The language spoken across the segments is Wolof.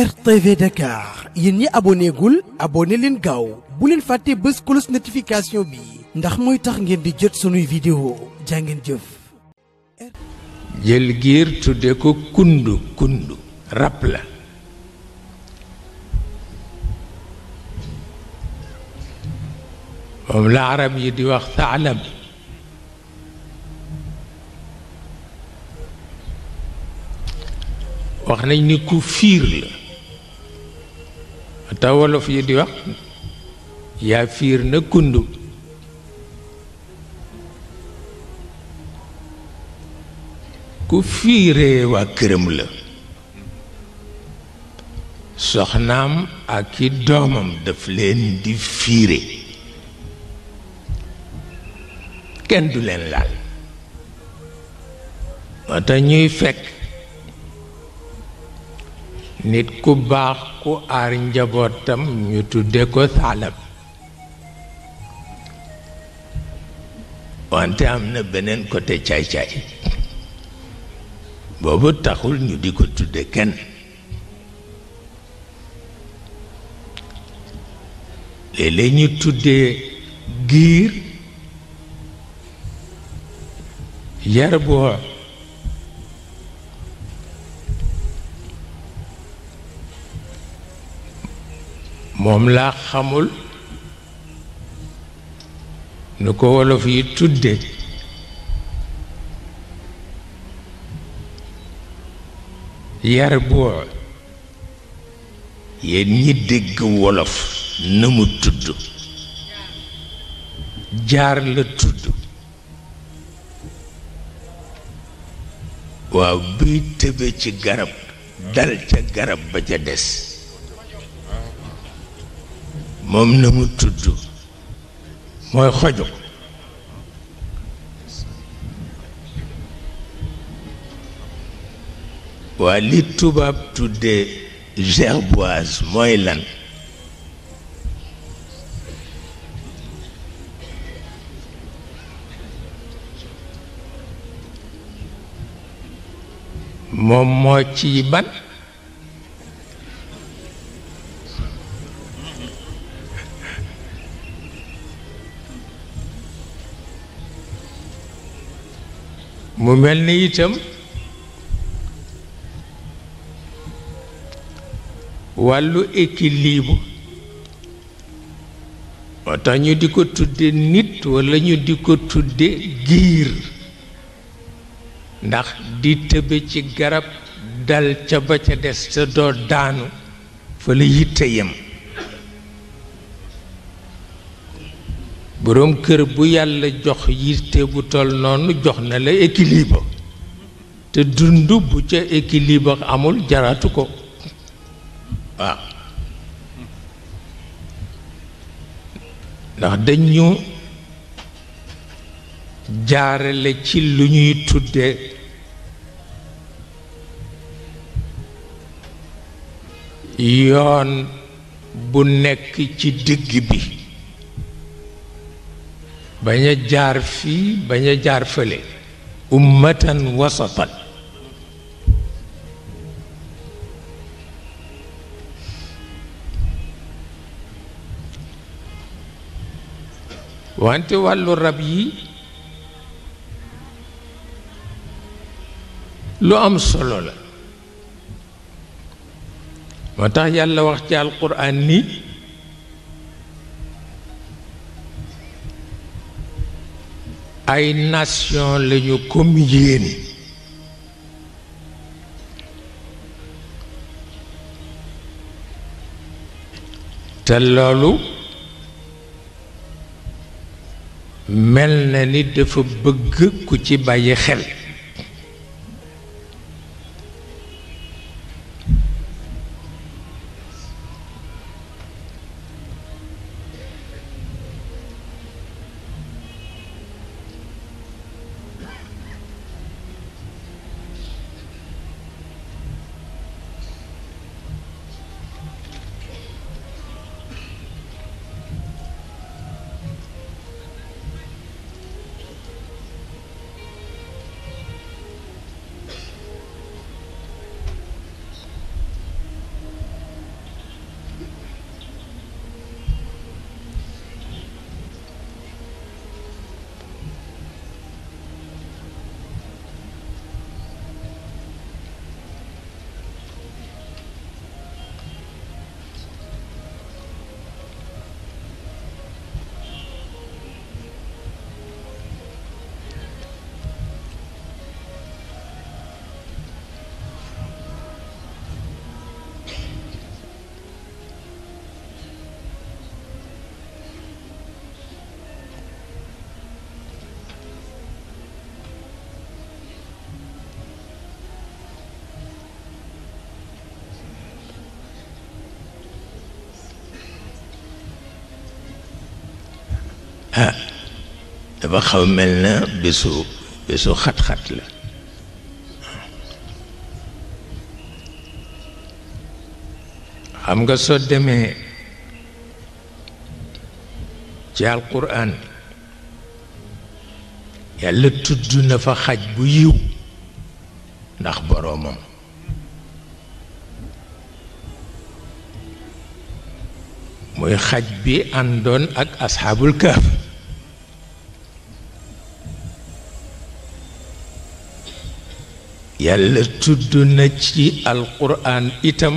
RTV Dakar yéen leen gaaw bu fàtte bés close notification bi ndax mooy tax ngeen di jot sunuy vidéo jàngeen jëf. jël giir tudde ko kundu kundu rab la moom la arab yi di wax saalam wax nañ ni ku fiir la. te wolof yi di wax yaa fiir na kundu ku fiiree waa këram la soxnaam ak i doomam daf leen di fiire kenn du leen laal moo ñuy fekk nit ku baax ku aar njabootam ñu tudde ko saalab wante am na beneen côté caay-caay boobu taxul ñu di ko tudde kenn léeg-léeg tuddee giir yar boo moom laa xamul nu ko wolof yi tudde yar boo yéen ñi dégg wolof na mu tudd jaar la tudd waaw buy tëbe ci garab dal ca garab ba ca des moom na mu tudd mooy xojo waa li tubaab tuddee gerboise mooy lan moom moo ci ban mu mel ni itam wàllu ekiliibu moo tax ñu di ko tudde nit walla ñu di ko tudde giir ndax di tëbe ci garab dal ca ba ca des te doo daanu fa la yitte yem boroom kër bu yàlla jox yitte bu toll noonu jox na la équilibre te dund bu ca équilibre amul jaratu ko ndax dañu jaarale ci lu ñuy tudde yoon bu nekk ci digg bi bañ a jaar fii bañ a jaar fële ummatan wasatan wante wàllu rab yi lu am solo la moo tax yàlla wax ci alquran ni ay nation lañu comme yéen te loolu mel na ni dafa bëgg ku ci bàyyi xel dafa xaw mel na bésu bésu xat-xat la xam nga soo demee ci alquran yàlla tudd na fa xaj bu yiw ndax boroomam muy xaj bi àndoon ak asxaabul kaaf yàlla tudd na ci alquran itam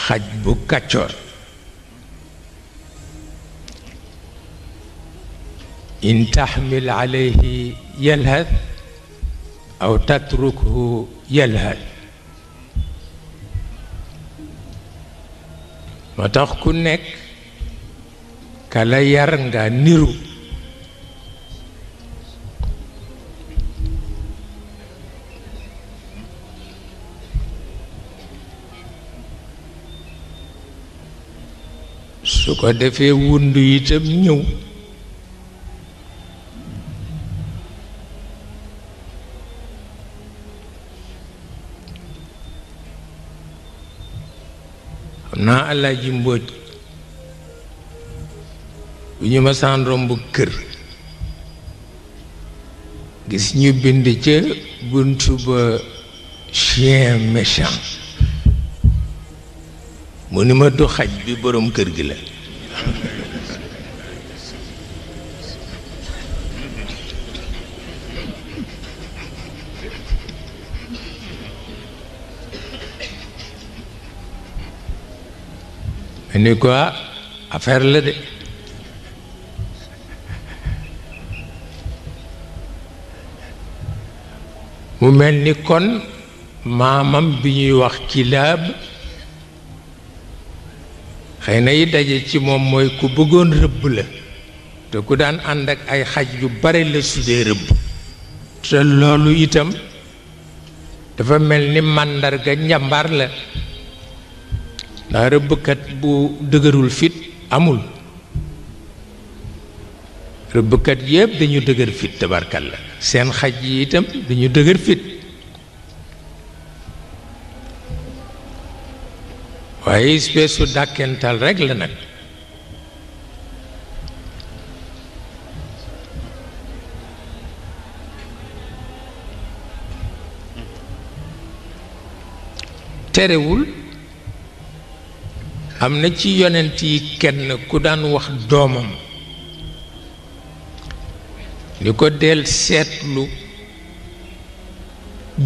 xaj bu kàccoor in taxmil alayhi yalhat aw tatrukhu yalhat moo tax ku nekk kala yar nga niru su ko defee wund itam ñëw xam naa alaaji mbóoj bu ñu ma romb kër gis ñu bind ca buntu ba chien méchant mu ni ma du xaj bi boroom kër gi la ni ko affaire la de mu mel ni kon maamam bi ñuy wax kilaab xëy na yi daje ci moom mooy ku bëggoon rëbb la te ku daan ànd ak ay xaj yu bare la sudee rëbb te loolu itam dafa mel ni màndarga njàmbar la ndax rëbbkat bu dëgërul fit amul rëbbkat yépp dañu dëgër fit la seen xaj yi itam dañu dëgër fit waaye espèce su dàkkental rek la nag terewul am na ci yonent yi kenn ku daan wax doomam ni ko del seetlu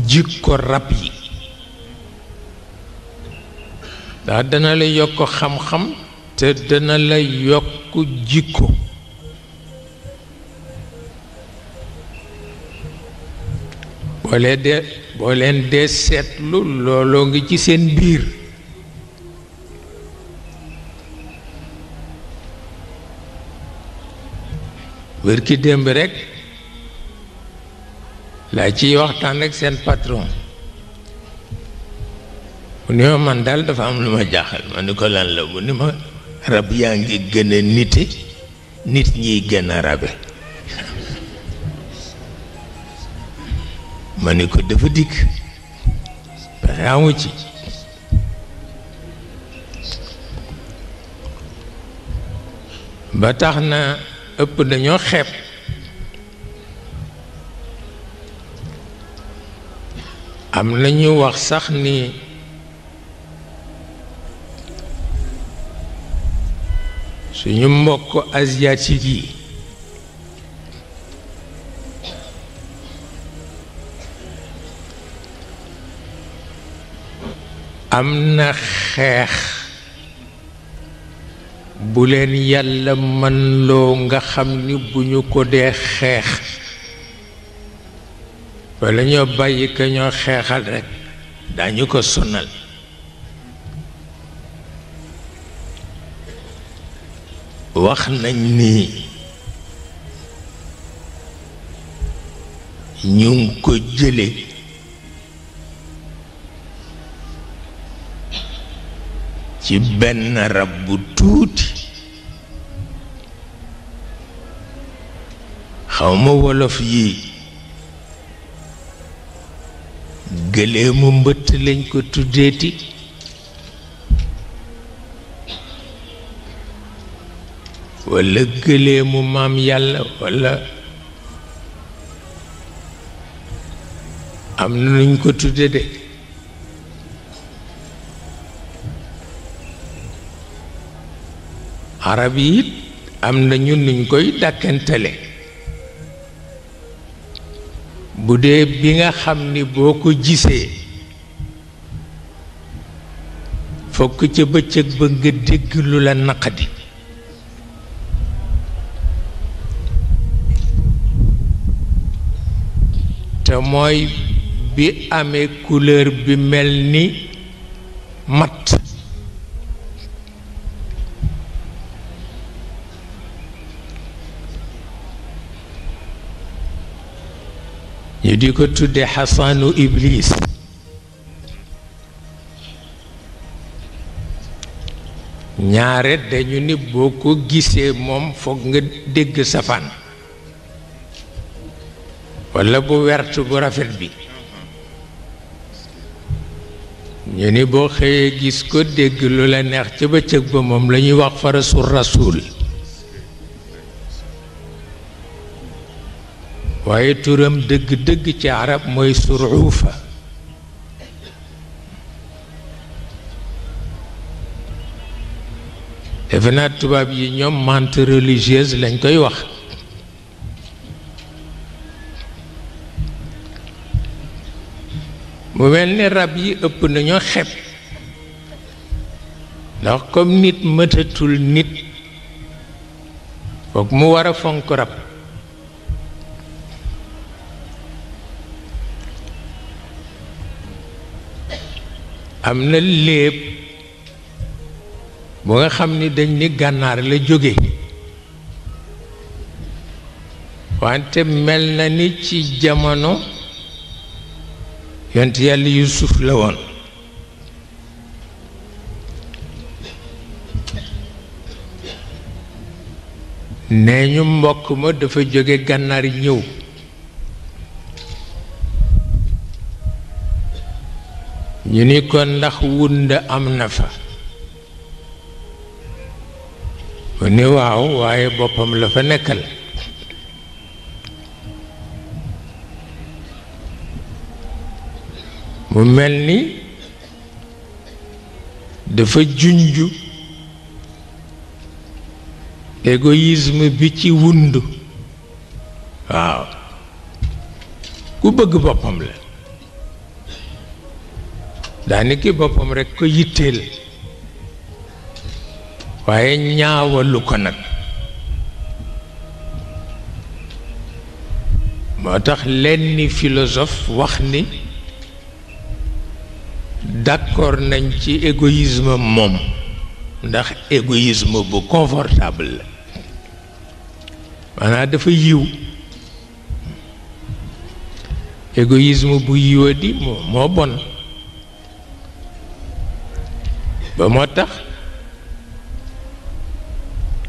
jikko rab yi ndax dana la yokk xam-xam te dana la yokk jikko boo leen dee boo leen dee seetlu looloo ngi ci seen biir wér ki démb rekk laa ciy waxtaan ak seen patron mu ni ma man daal dafa am lu ma jaaxal ma ni ko lan la mu ni ma rab yaa ngi gën a nite nit ñiy gën rabe ma ni ko dafa dikk ci ba tax na ëpp dañoo xeeb am na ñu wax sax ni suñu mbokk asiatique yi am na xeex buleen leen yàlla mën nga xam ni bu ñu ko dee xeex wala ñoo bàyyi ka ñoo xeexal rekk dañu ko sonal wax nañ ni ñu ko jële ci benn rab bu tuuti xawma wolof yi gëleemu mbëtt lañ ko tuddeti walla gëleemu maam yàlla walla am na nuñ ko tudde arab yi it am nañu nuñ koy dàkkantale bu dee bi nga xam ni boo ko gisee fokk ca bëccëg bëgg nga dégg lu la naqadi te mooy bi amee couleur bi mel ni matt ñu di ko tudde xasaanu iblis ñaare dañu ni boo ko gisee moom foog nga dégg safaan walla bu wert bu rafet bi ñu ni boo xëyee gis ko dégg lu la neex ca bëccëg ba moom lañuy ñuy wax farasul rasul waaye turam dëgg-dëgg ci arab mooy suruufa defe naa tubaab yi ñoom mante religieuse lañ koy wax mu mel ni rab yi ëpp nañoo xepp ndax comme nit mëtatul nit foog mu wara a fonk rab am na léeb bu nga xam ni dañ ni gànnaar la jóge wante mel na ni ci jamono yont yàlla yusuf la woon nee ñu mbokk ma dafa jóge gànnaar ñëw ñu ni ko ndax wund am na fa mu ni waaw waaye boppam la fa nekkal mu mel ni dafa junju égoïsme bi ci wund waaw ku bëgg boppam la ki boppam rekk ko yitteel waaye ñaawalu ko nag moo tax lenn philosophe wax ni d'accord nañ ci égoïsme moom ndax égoïsme bu confortable la maanaam dafa yiw égoïsme bu yiwa di moo moo bon ba moo tax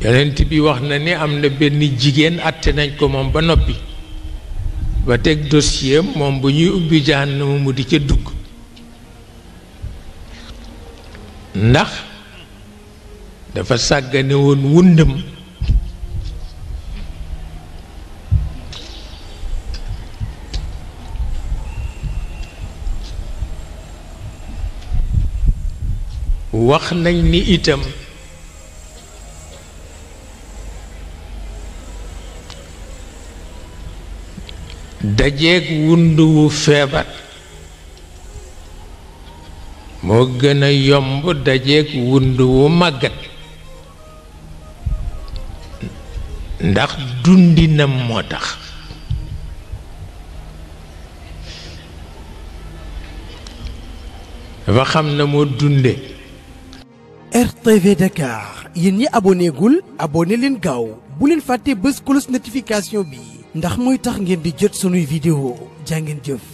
yonent bi wax na ni am na benn jigéen àtte nañ ko moom ba noppi ba teg dossier moom bu ñuy ubbi jahannama mu di ca dugg ndax dafa sàggane woon wundam wax nañ ni itam dajeeg wund wu feebar moo gën a yomb dajeeg wund wu màggat ndax dundinam moo tax dafa xam na moo dunde RTV Dakar yéen ñi aboneegul gul leen gaaw bu leen fàtte bés cloche notification bi ndax mooy tax ngeen di jot sunuy vidéo jàngeen jëf.